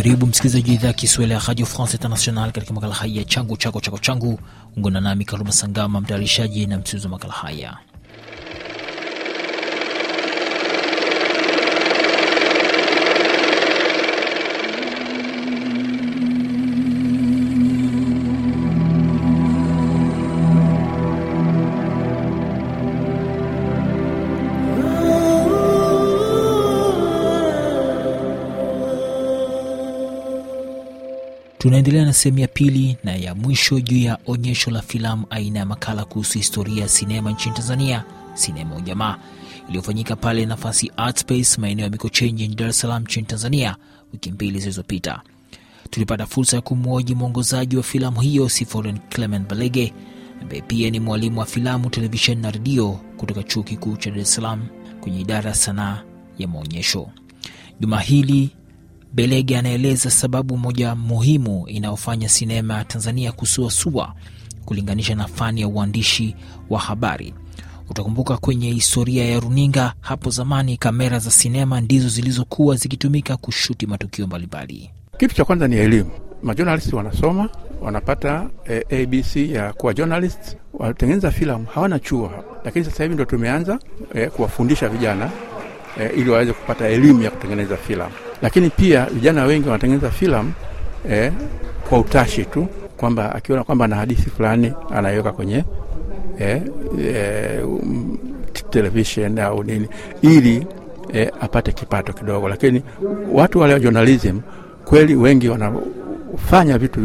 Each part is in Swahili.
Karibu msikilizaji wa idhaa Kiswahili ya Radio France International katika makala haya changu chako chako changu. Ungana nami Karuma Sangama, mtayarishaji na msimulizi wa makala haya. Tunaendelea na sehemu ya pili na ya mwisho juu ya onyesho la filamu aina ya makala kuhusu historia ya sinema nchini Tanzania, Sinema Ujamaa, iliyofanyika pale Nafasi Art Space maeneo ya Mikocheni jijini Dar es Salaam nchini Tanzania wiki mbili zilizopita. Tulipata fursa ya kumwoji mwongozaji wa filamu hiyo sifolen Clement Balege ambaye pia ni mwalimu wa filamu, televisheni na redio kutoka Chuo Kikuu cha Dar es Salaam kwenye idara ya sanaa ya maonyesho. Juma hili Belege anaeleza sababu moja muhimu inayofanya sinema ya Tanzania kusuasua kulinganisha na fani ya uandishi wa habari. Utakumbuka kwenye historia ya runinga, hapo zamani kamera za sinema ndizo zilizokuwa zikitumika kushuti matukio mbalimbali. Kitu cha kwanza ni elimu. Majournalist wanasoma wanapata eh, abc ya kuwa journalist, wanatengeneza filamu, hawana chuo hapa. Lakini sasa hivi ndo tumeanza eh, kuwafundisha vijana eh, ili waweze kupata elimu ya kutengeneza filamu. Lakini pia vijana wengi wanatengeneza filamu eh, kwa utashi tu kwamba akiona kwamba ana hadithi fulani anaiweka kwenye eh, eh, um, televishen au nini ili eh, apate kipato kidogo. Lakini watu wale wa journalism kweli wengi wanafanya vitu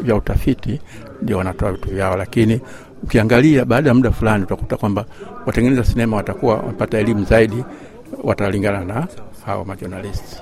vya utafiti, ndio wanatoa vitu vyao, lakini ukiangalia baada ya muda fulani utakuta kwamba watengeneza sinema watakuwa wamepata elimu zaidi, watalingana na hawa majournalisti.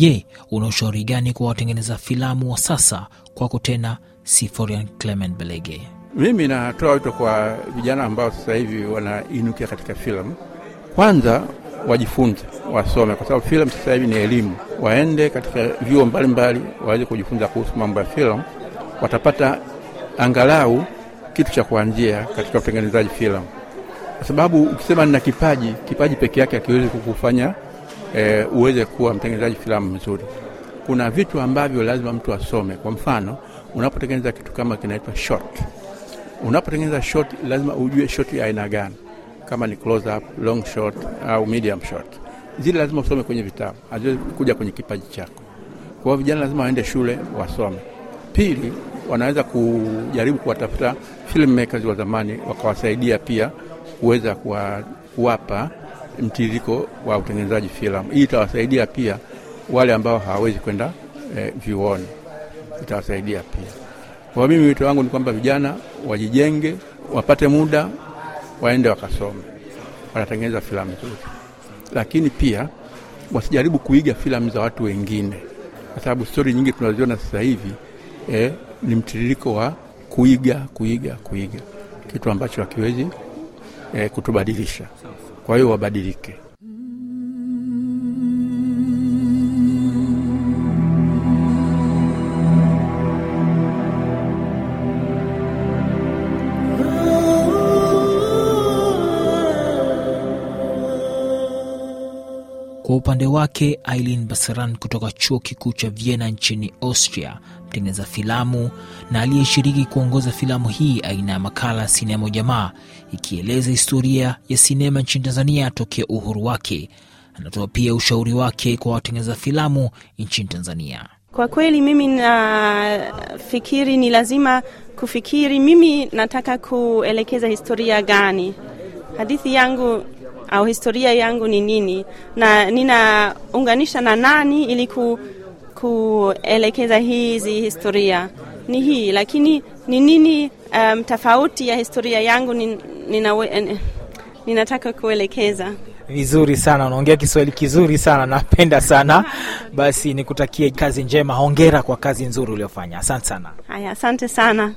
Je, una ushauri gani kwa watengeneza filamu wa sasa? Kwako tena Siforian Clement Belege. Mimi natoa wito kwa vijana ambao sasa hivi wanainukia katika filamu, kwanza wajifunze, wasome, kwa sababu filamu sasa hivi ni elimu. Waende katika vyuo mbalimbali waweze kujifunza kuhusu mambo ya filamu, watapata angalau kitu cha kuanzia katika utengenezaji filamu, kwa sababu ukisema nina kipaji, kipaji peke yake hakiwezi kukufanya e, uweze kuwa mtengenezaji filamu mzuri. Kuna vitu ambavyo lazima mtu asome. Kwa mfano, unapotengeneza kitu kama kinaitwa shot, unapotengeneza shot lazima ujue shot ya aina gani, kama ni close up, long shot au medium shot. Zile lazima usome kwenye vitabu, haziwezi kuja kwenye kipaji chako. Kwa hiyo vijana lazima waende shule wasome. Pili, wanaweza kujaribu kuwatafuta filmmakers wa zamani wakawasaidia pia kuweza kuwapa mtiririko wa utengenezaji filamu. Hii itawasaidia pia wale ambao hawawezi kwenda eh, vyuoni, itawasaidia pia. Kwa mimi wito wangu ni kwamba vijana wajijenge, wapate muda, waende wakasome, watatengeneza filamu nzuri, lakini pia wasijaribu kuiga filamu za watu wengine, kwa sababu stori nyingi tunaziona sasa hivi eh, ni mtiririko wa kuiga kuiga kuiga, kitu ambacho hakiwezi eh, kutubadilisha kwa hiyo wabadilike. upande wake, ailin Basaran kutoka chuo kikuu cha Vienna nchini Austria, mtengeneza filamu na aliyeshiriki kuongoza filamu hii aina ya makala Sinema Jamaa, ikieleza historia ya sinema nchini Tanzania tokea uhuru wake. Anatoa pia ushauri wake kwa watengeneza filamu nchini Tanzania. Kwa kweli mimi nafikiri ni lazima kufikiri, mimi nataka kuelekeza historia gani hadithi yangu au historia yangu ni nini na ninaunganisha na nani ili ku, kuelekeza hizi historia ni hii, lakini ni nini um, tofauti ya historia yangu ninataka kuelekeza Vizuri sana, unaongea Kiswahili kizuri sana, napenda sana. Basi nikutakie kazi njema, hongera kwa kazi nzuri uliofanya. Asante sana. Haya, asante sana.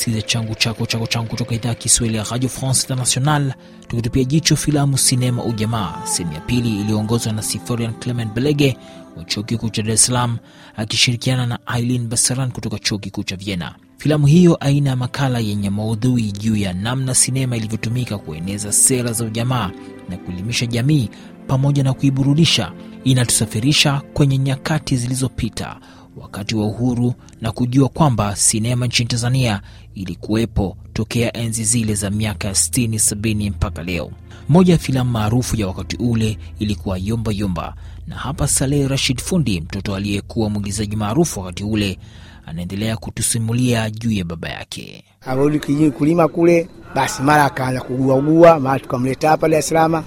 unasikiliza changu chako chako changu kutoka idhaa ya Kiswahili ya Radio France International, tukitupia jicho filamu sinema Ujamaa sehemu ya pili iliyoongozwa na Siforian Clement Belege wa chuo kikuu cha Dar es Salaam akishirikiana na ailin Basaran kutoka chuo kikuu cha Vienna. Filamu hiyo aina ya makala yenye maudhui juu ya namna sinema ilivyotumika kueneza sera za ujamaa na kuelimisha jamii pamoja na kuiburudisha, inatusafirisha kwenye nyakati zilizopita wakati wa uhuru na kujua kwamba sinema nchini Tanzania ilikuwepo tokea enzi zile za miaka ya 60 70 mpaka leo. Moja ya filamu maarufu ya wakati ule ilikuwa Yomba Yomba, na hapa Saleh Rashid Fundi, mtoto aliyekuwa mwigizaji maarufu wakati ule, anaendelea kutusimulia juu ya baba yake. Arudi kijini kulima kule, basi mara akaanza kuguaugua, mara tukamleta hapa Dar es Salaam.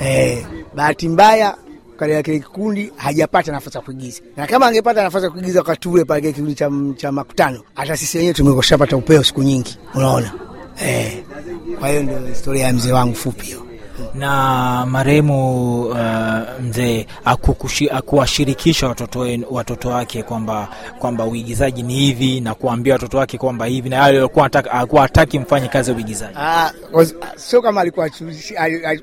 Eh, bahati mbaya katika yake kikundi hajapata nafasi ya kuigiza, na kama angepata nafasi ya kuigiza wakati ule pale kile kikundi cha, cha makutano, hata sisi wenyewe tumekoshapata upeo siku nyingi, unaona eh. Kwa hiyo ndio historia ya mzee wangu fupi hiyo na marehemu uh, mzee akuwashirikisha watoto, watoto wake kwamba kwamba uigizaji ni hivi na kuambia watoto wake kwamba hivi na yale alikuwa hataki mfanye kazi ya uigizaji. Ah, sio kama alikuwa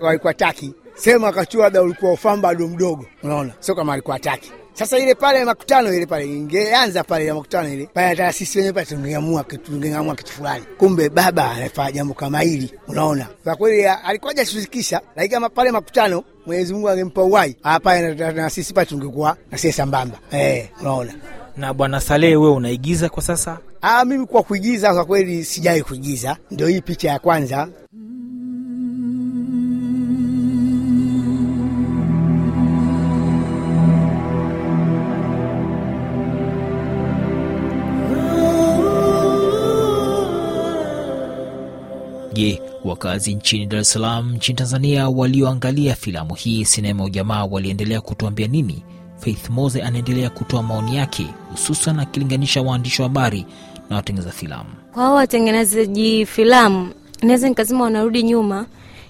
alikuwa taki sema Kachuada ulikuwa ufamba ado mdogo, unaona, sio kama alikuwa ataki sasa ile pale makutano ile pale ingeanza pale ya makutano ile pale, hata sisi wenyewe pale tungeamua kitu, tungeamua kitu fulani. Kumbe baba anafanya jambo kama hili, unaona. Kwa kweli alikuwa hajashirikisha, lakini kama pale makutano Mwenyezi Mungu angempa uhai hapa, na sisi pale tungekuwa na sisi sambamba, eh, unaona. Na bwana Salehe, wewe unaigiza kwa sasa? Ah, mimi kwa kuigiza kwa kweli sijai kuigiza, ndio hii picha ya kwanza wakazi nchini Dar es Salaam nchini Tanzania walioangalia filamu hii sinema Ujamaa waliendelea kutuambia nini? Faith Moze anaendelea kutoa maoni yake, hususan akilinganisha waandishi wa habari na watengeneza filamu. Kwa hao watengenezaji filamu, naweza nikasema wanarudi nyuma,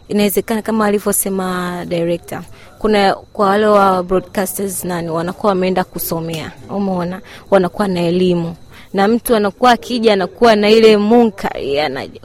inawezekana kama alivyosema director kuna kwa wale wa broadcasters nani wanakuwa wameenda kusomea, umeona, wanakuwa na elimu na mtu anakuwa akija anakuwa na ile munka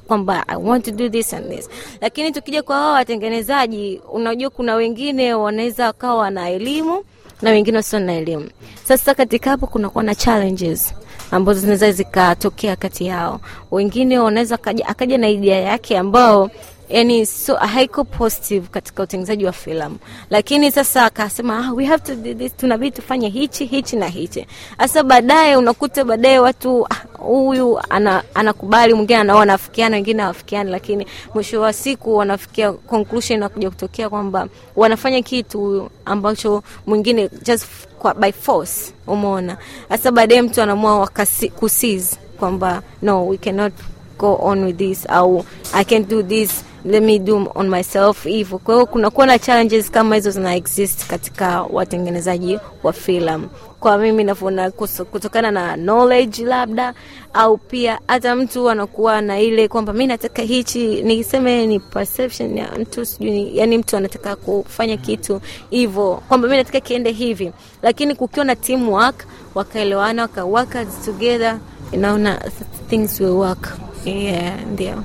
kwamba I want to do this and this. Lakini tukija kwa wao watengenezaji, unajua kuna wengine wanaweza wakawa wana elimu na wengine wasio na elimu. Sasa katika hapo kunakuwa na challenges ambazo zinaweza zikatokea kati yao. Wengine wanaweza akaja na idea yake ambao yani so, haiko positive katika utengenezaji wa filamu, lakini sasa akasema ah, we have to do this, tunabidi tufanye hichi hichi na hichi. Sasa baadaye unakuta baadaye watu ah, huyu ah, ana, anakubali, mwingine anao wanafikiana, wengine hawafikiani, lakini mwisho wa siku wanafikia conclusion na kuja kutokea kwamba wanafanya kitu ambacho mwingine just kwa by force, umeona. Sasa baadaye mtu anaamua kusiz kwamba no we cannot go on with this au I can do this let me do on myself hivyo. Kwa hiyo kunakuwa na challenges kama hizo zina exist katika watengenezaji wa filamu kwa mimi navyoona kutokana na knowledge labda, au pia hata mtu anakuwa na ile kwamba mi nataka hichi, niseme ni perception ya mtu sijui, yani mtu anataka kufanya kitu hivyo kwamba mi nataka kiende hivi, lakini kukiwa na teamwork, wakaelewana, wakawaka together, inaona things will work. Yeah, ndio.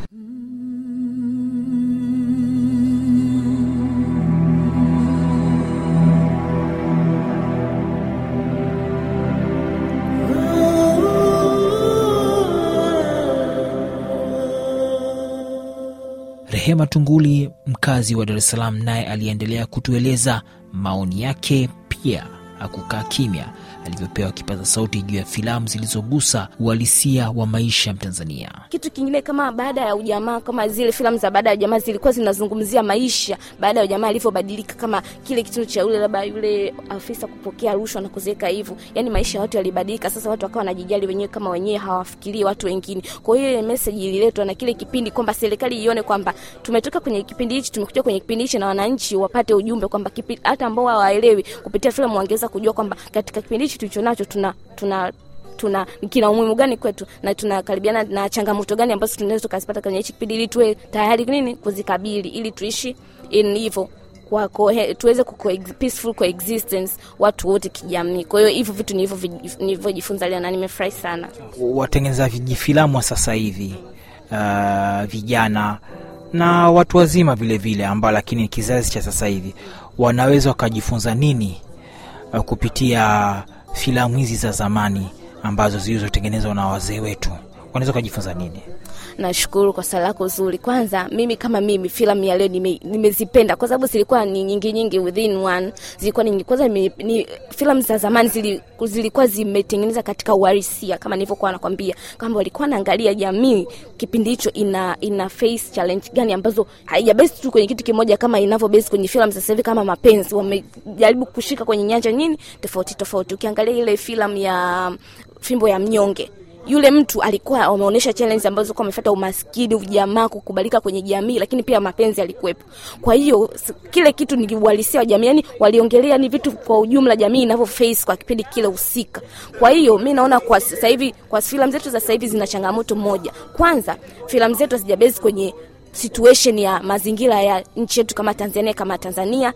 Tunguli, mkazi wa Dar es Salaam, naye aliendelea kutueleza maoni yake. Pia hakukaa kimya, alivyopewa kipaza sauti juu ya filamu zilizogusa uhalisia wa maisha ya Mtanzania. Kitu kingine kama baada ya ujamaa, kama zile filamu za baada ya ujamaa zilikuwa zinazungumzia maisha baada ya ujamaa alivyobadilika, kama kile kitendo cha yule labda yule afisa kupokea rushwa na kuziweka hivyo, yani maisha ya watu yalibadilika. Sasa watu wakawa wanajijali wenyewe kama wenyewe, hawafikirii watu wengine. Kwa hiyo ile meseji ililetwa na kile kipindi kwamba serikali ione kwamba tumetoka kwenye kipindi hichi tumekuja kwenye kipindi hichi, na wananchi wapate ujumbe kwamba hata ambao hawaelewi kupitia filamu wangeweza kujua kwamba katika kipindi hichi tulicho nacho tuna, tuna tuna kina umuhimu gani kwetu na tunakaribiana na changamoto gani ambazo tunaweza tukazipata kwenye hichi kipindi ili tuwe tayari nini kuzikabili ili tuishi in hivyo kwa tuweze ku peaceful coexistence watu wote kijamii. Kwa hiyo hivyo vitu nilivyojifunza leo na nimefurahi sana. Watengeneza vijifilamu wa sasa hivi uh, vijana na watu wazima vilevile, ambao lakini kizazi cha sasa hivi wanaweza wakajifunza nini uh, kupitia filamu hizi za zamani ambazo zilizotengenezwa na wazee wetu wanaweza ukajifunza nini? Nashukuru kwa swali lako zuri. Kwanza mimi kama mimi filamu ya leo nimezipenda nime, kwa sababu zilikuwa ni nyingi nyingi within one. Zilikuwa ni kwanza ni, ni filamu za zamani zili, zilikuwa zimetengeneza katika uhalisia kama nilivyokuwa nakwambia kwamba walikuwa naangalia jamii kipindi hicho ina ina face challenge gani ambazo haija haijabase tu kwenye kitu kimoja kama inavyo inavyobase kwenye filamu za sasa kama mapenzi wamejaribu kushika kwenye nyanja nyingi tofauti tofauti. Ukiangalia ile filamu ya fimbo ya mnyonge yule mtu alikuwa ameonyesha challenge ambazo zilikuwa amefuata umaskini, ujamaa, kukubalika kwenye jamii, lakini pia mapenzi yalikuwepo. Kwa hiyo kile kitu ni uhalisia wa jamii, yani waliongelea ni vitu kwa ujumla jamii inavyo face kwa kipindi kile husika. Kwa hiyo mimi naona kwa sasa hivi, kwa filamu zetu za sasa hivi zina changamoto moja. Kwanza filamu zetu hazijabase kwenye situation ya mazingira ya nchi yetu kama Tanzania kama Tanzania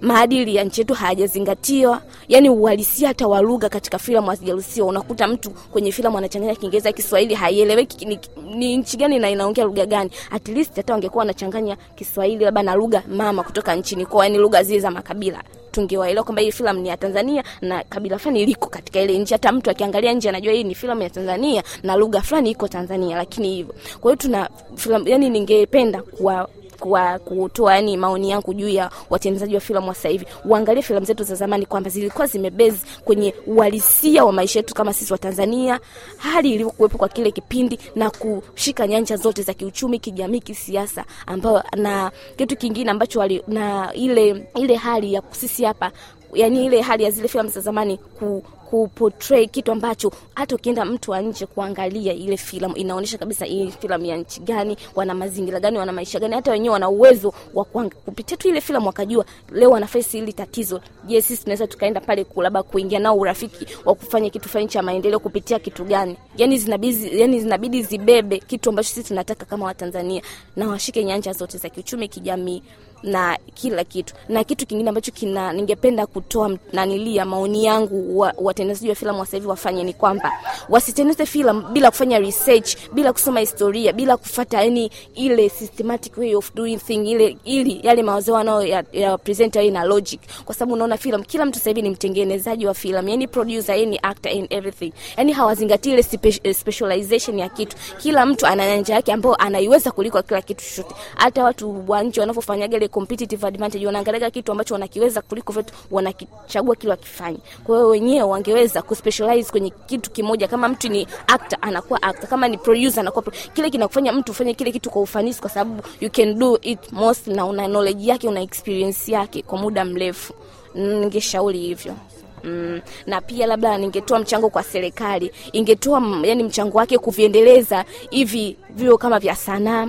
maadili ya nchi yetu hayajazingatiwa, yani uhalisia hata wa lugha katika filamu hazijaruhusiwa. Unakuta mtu kwenye filamu anachanganya Kiingereza, Kiswahili, haieleweki ni, ni nchi gani na inaongea lugha gani. At least hata wangekuwa wanachanganya Kiswahili labda na lugha mama kutoka nchini kwao, yani lugha zile za makabila tungewaelewa kwamba hii filamu ni ya Tanzania na kabila fulani liko katika ile nchi. Hata mtu akiangalia nje anajua hii ni filamu ya Tanzania na lugha fulani iko Tanzania, lakini hivyo. Kwa hiyo tuna filamu, yani ningependa kuwa kwa kutoa yani maoni yangu juu ya watengenezaji wa filamu wa sasa hivi, uangalie filamu zetu za zamani kwamba zilikuwa zimebezi kwenye uhalisia wa maisha yetu kama sisi wa Tanzania, hali iliyokuwepo kwa kile kipindi, na kushika nyanja zote za kiuchumi, kijamii, kisiasa, ambao na kitu kingine ambacho wali, na ile ile hali ya sisi hapa yani ile hali ya zile filamu za zamani ku kuportray kitu ambacho hata ukienda mtu wa nje kuangalia ile filamu inaonyesha kabisa hii filamu ya nchi gani, wana mazingira gani, wana maisha gani. Hata wenyewe wana uwezo wa kupitia tu ile filamu wakajua leo wana face hili tatizo. Je, sisi tunaweza tukaenda pale labda kuingia nao urafiki wa kufanya kitu fulani cha maendeleo kupitia kitu gani? Yani zinabidi, yani zinabidi zibebe kitu ambacho sisi tunataka kama Watanzania na washike nyanja zote za kiuchumi, kijamii na kila kitu. Na kitu kingine ambacho kina ningependa kutoa nanilia maoni yangu watengenezaji wa, wa filamu sasa wafanye ni kwamba wasitengeneze filamu bila kufanya research, bila kusoma historia, bila kufuata yani ile systematic way of doing thing ile ili yale mawazo wanao ya, ya presenter yeye na logic, kwa sababu unaona filamu, kila mtu sasa ni mtengenezaji wa filamu, yani producer, yani actor and everything, yani hawazingatii ile eh, specialization ya kitu. Kila mtu ana nyanja yake ambayo anaiweza kuliko kila kitu chochote, hata watu wa nje wanavyofanyaga ile competitive advantage, wanaangalia kitu ambacho wanakiweza kuliko vyote, wanakichagua kile wakifanya. Kwa hiyo wenyewe wangeweza kuspecialize kwenye kitu kimoja. Kama mtu ni actor anakuwa actor, kama ni producer anakuwa pro... kile kinakufanya mtu ufanye kile kitu kwa ufanisi, kwa sababu you can do it most, na una knowledge yake, una experience yake kwa muda mrefu. Ningeshauri hivyo. Mm, na pia labda ningetoa mchango kwa serikali, ingetoa yani mchango wake kuviendeleza hivi vio kama vya sanaa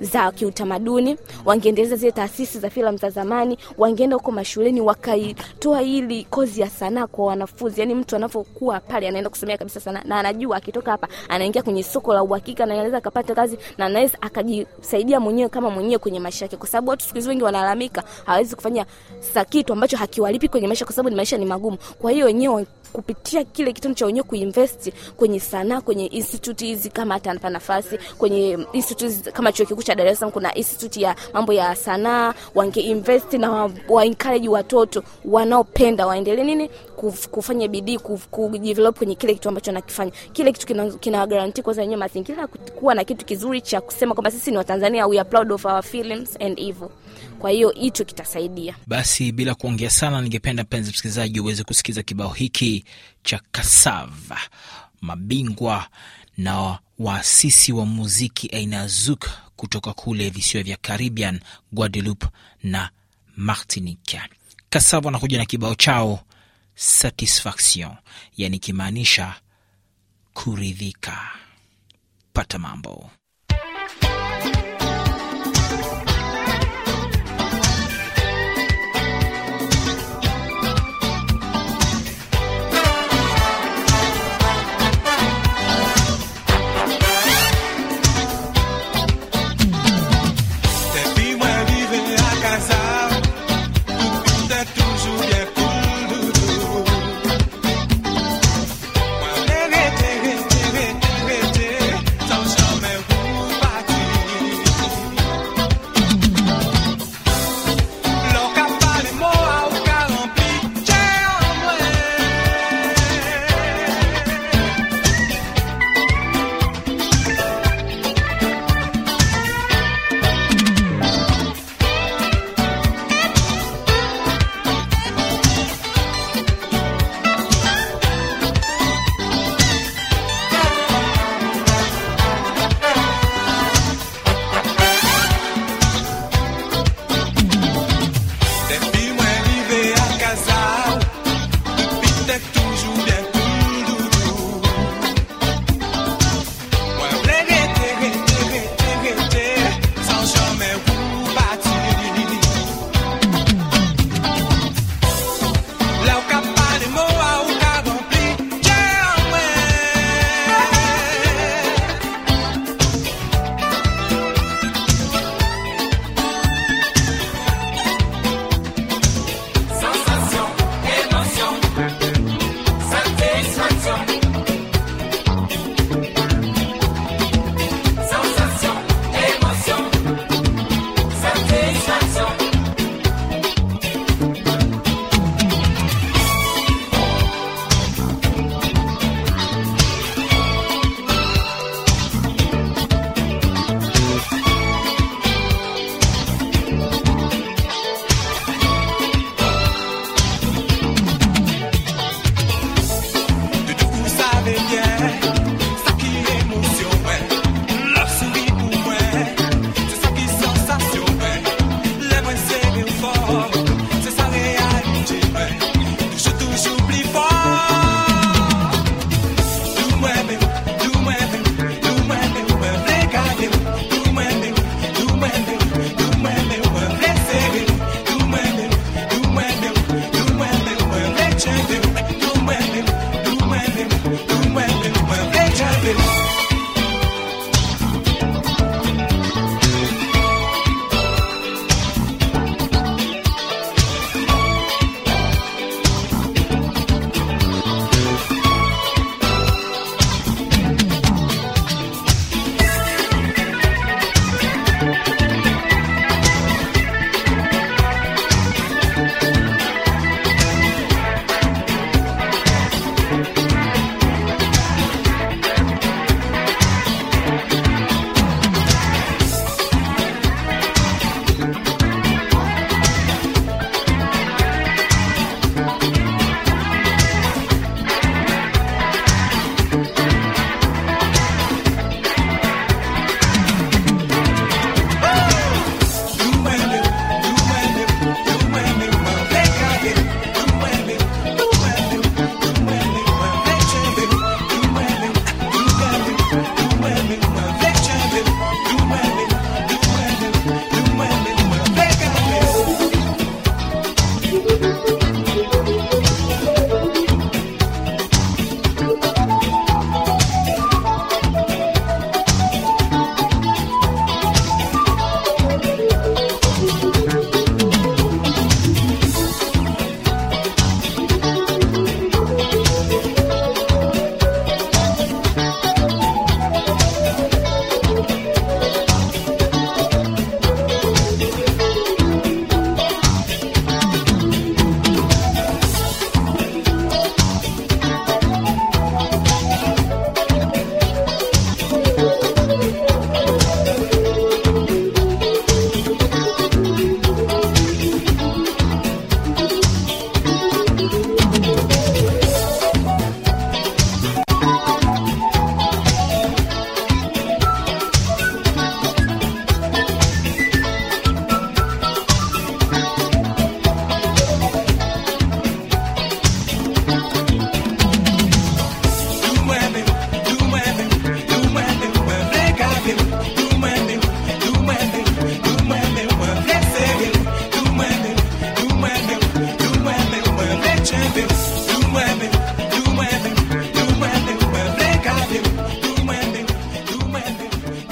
za kiutamaduni, wangeendeleza zile taasisi za filamu za zamani, wangeenda huko mashuleni wakaitoa hili kozi ya sanaa kwa wanafunzi. Yani mtu anapokuwa pale anaenda kusomea kabisa sanaa na anajua akitoka hapa anaingia kwenye soko la uhakika na anaweza akapata kazi na anaweza akajisaidia mwenyewe kama mwenyewe kwenye maisha yake, kwa sababu watu siku hizi wengi wanalalamika hawezi kufanya sa kitu ambacho hakiwalipi kwenye maisha, kwa sababu ni maisha ni magumu. Kwa hiyo wenyewe kupitia kile kitendo cha wenyewe kuinvest kwenye sanaa, kwenye institute hizi kama hata nafasi kwenye institute kama chuo kikuu cha Dar es Salaam kuna institute ya mambo ya sanaa, wange invest na wa encourage watoto wanaopenda waendelee nini kufanya bidii kujidevelop kwenye kile kitu ambacho anakifanya. Kile kitu kina, kina guarantee kwanza wenyewe mazingira kuwa na kitu kizuri cha kusema kwamba sisi ni Watanzania, we are proud of our films and evil. Kwa hiyo hicho kitasaidia. Basi bila kuongea sana, ningependa mpenzi msikilizaji uweze kusikiza kibao hiki cha Kasava, mabingwa na waasisi wa muziki aina ya Zouk kutoka kule visiwa vya Caribbean, Guadeloupe na Martinique. Kasava wanakuja na kibao chao Satisfaction, yani kimaanisha kuridhika. Pata mambo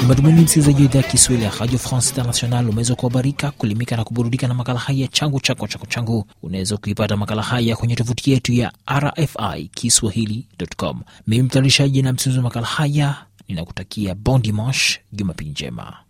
matumaini msikilizaji wa idhaa ya Kiswahili ya Radio France International, umeweza kuhabarika, kulimika na kuburudika na makala haya changu chako chako changu. Unaweza kuipata makala haya kwenye tovuti yetu ya RFI Kiswahili.com. Mimi mtayarishaji na msimzi wa makala haya ninakutakia bon dimanche, jumapili njema.